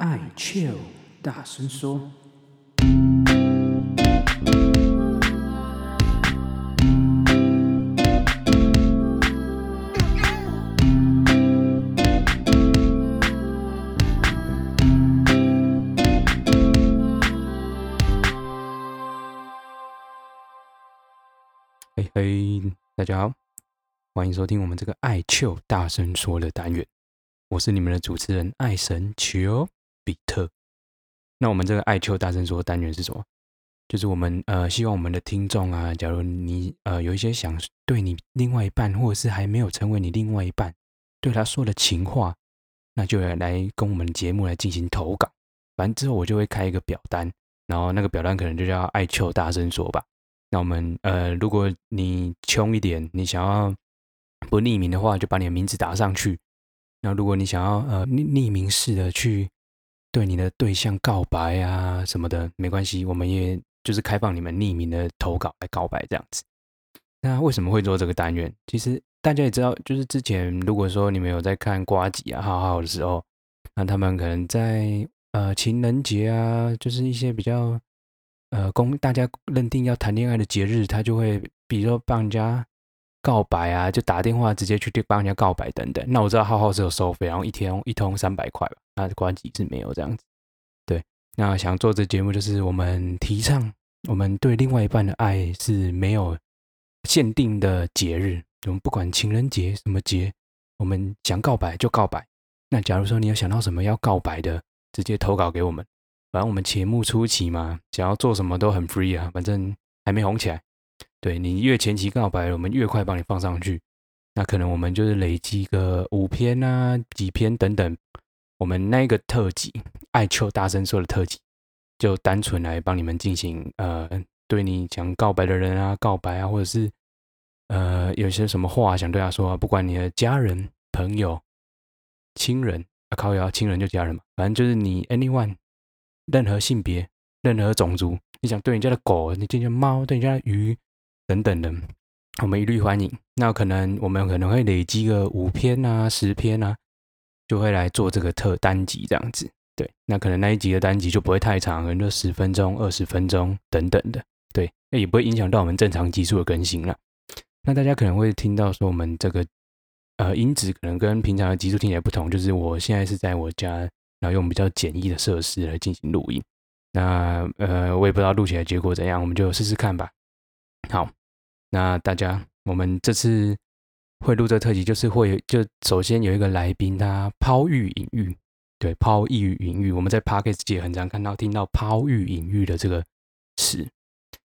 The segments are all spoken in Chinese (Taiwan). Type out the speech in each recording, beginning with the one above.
愛 Chill 大聲說。嘿嘿，大家好，歡迎收聽我們這個愛 Chill 大聲說的單元，我是你們的主持人愛神 Chill 比特，那我們這個愛就大聲說的單元是什麼？就是我們呃希望我們的聽眾啊，假如你呃有一些想對你另外一半，或者是還沒有成為你另外一半，對他說的情話，那就來跟我們節目來進行投稿。反正之後我就會開一個表單，然後那個表單可能就叫愛就大聲說吧。那我們呃，如果你窮一點，你想要不匿名的話，就把你的名字打上去。那如果你想要呃匿匿名式的去。對你的對象告白啊什麼的沒關係，我們也就是開放你們匿名的投稿來告白這樣子。那為什麼會做這個單元？其實大家也知道，就是之前如果說你們有在看瓜吉啊浩浩的時候，那他們可能在呃情人節啊，就是一些比較呃供大家認定要談戀愛的節日，他就會比如說幫人家告白啊，就打電話直接去幫人家告白等等。那我知道浩浩是有收費，然後一天一通三百塊吧。他的關係是沒有這樣子，對。那想做這節目，就是我們提倡，我們對另外一半的愛是沒有限定的節日。我們不管情人節什麼節，我們想告白就告白。那假如說你要想到什麼要告白的，直接投稿給我們。反正我們節目初期嘛，想要做什麼都很 free 啊，反正還沒紅起來。對，你越前期告白，我們越快幫你放上去。那可能我們就是累積個五篇啊，幾篇等等。我們那個特輯，愛就大聲說的特輯，就單純來幫你們進行呃，對你想告白的人啊，告白啊，或者是呃，有些什麼話想對他說，啊，不管你的家人、朋友、親人啊靠，靠也要親人就家人嘛，反正就是你 anyone，任何性別、任何種族，你想對人家的狗、你對人家的貓、對人家的魚等等的，我們一律歡迎。那可能我們可能會累積個五篇啊、十篇啊。就會來做這個特單集這樣子，對，那可能那一集的單集就不會太長，可能就十分鐘、二十分鐘等等的，對，那也不會影響到我們正常集數的更新了。那大家可能會聽到說，我們這個呃音質可能跟平常的集數聽起來不同，就是我現在是在我家，然後用比較簡易的設施來進行錄音。那呃，我也不知道錄起來結果怎樣，我們就試試看吧。好，那大家，我們這次。會錄這特輯，就是會就首先有一個來賓，他拋玉引玉，對，拋玉引玉，我們在 podcast 界很常看到聽到拋玉引玉的這個詞。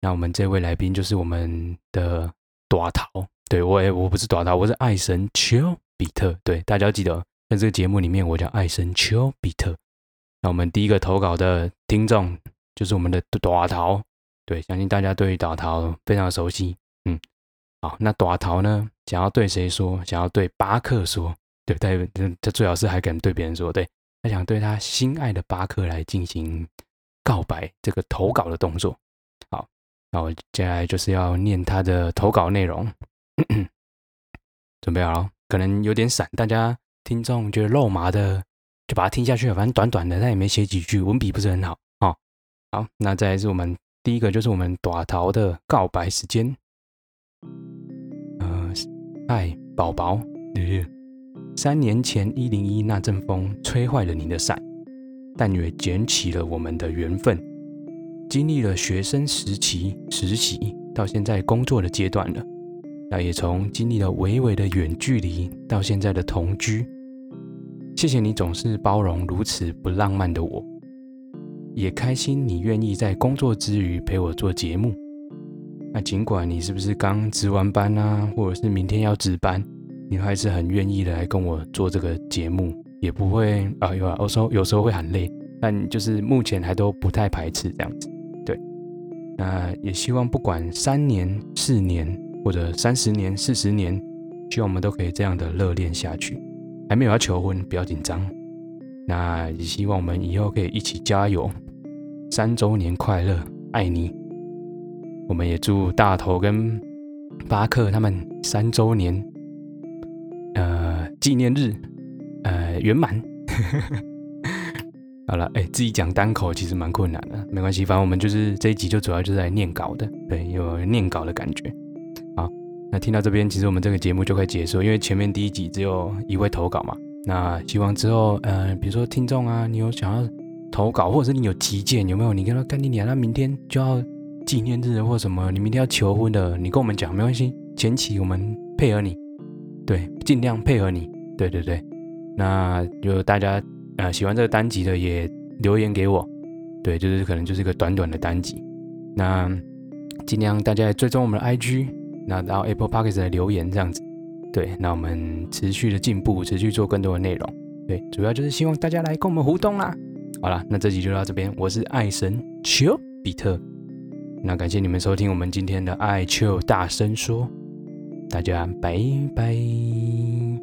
那我們這位來賓就是我們的大頭，對，我我不是大頭，我是愛神 Chill 比特，對大家要記得，在這個節目裡面我叫愛神 Chill 比特。那我們第一個投稿的聽眾就是我們的大頭，對相信大家對於大頭非常熟悉。好，那大頭呢，想要對誰說？想要對巴克說，對對，他最好是還敢對別人說，對，他想對他心愛的巴克來進行告白，這個投稿的動作。好，那我接下來就是要念他的投稿內容， 準備好了、哦？可能有點閃，大家聽眾覺得肉麻的，就把它聽下去，反正短短的，他也沒寫幾句，文筆不是很好。好、哦，好，那再來是我們第一個，就是我們大頭的告白時間。愛寶寶，三年前一零一，那陣風吹壞了你的傘，但也捲起了我們的緣分。經歷了學生時期、實習，到現在工作的階段了，那也從經歷了維維的遠距離到現在的同居。謝謝你總是包容如此不浪漫的我，也開心你願意在工作之餘陪我做節目。那儘管你是不是剛值完班啊，或者是明天要值班，你還是很願意的來跟我做這個節目，也不會啊，有啊，有時候有時候會很累，但就是目前還都不太排斥這樣子，對。那也希望不管三年、四年或者三十年、四十年，希望我們都可以這樣的熱戀下去。還沒有要求婚，不要緊張。那也希望我們以後可以一起加油。三周年快樂，愛你。我們也祝大頭跟巴克他們三周年，呃，紀念日，呃，圓滿。 好了，哎、欸，自己講單口其實蠻困難的，沒關係，反正我們就是這一集就主要就是來念稿的，對，有念稿的感覺。好，那聽到這邊，其實我們這個節目就可以結束，因為前面第一集只有一位投稿嘛。那希望之後，嗯、呃，比如說聽眾啊，你有想要投稿，或者是你有急件，有沒有？你跟他干你你那明天就要。紀念日或什麼，你明天要求婚的，你跟我們講沒關係，前期我們配合你，對，盡量配合你，對對對。那就大家呃喜歡這個單集的也留言給我，對，就是可能就是一個短短的單集，那盡量大家追蹤我們的 IG，那到 Apple Podcast 的留言這樣子，對，那我們持續的進步，持續做更多的內容，對，主要就是希望大家來跟我們互動啦。好了，那這集就到這邊，我是愛神丘比特。那感謝你們收聽我們今天的愛就大聲說，大家拜拜。